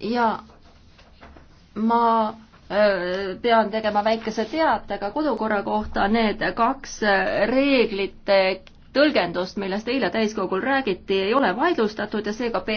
ja ma äh, pean tegema väikese teatega kodukorra kohta, need kaks äh, reeglite tõlgendust, millest eile täiskogul räägiti, ei ole vaidlustatud ja seega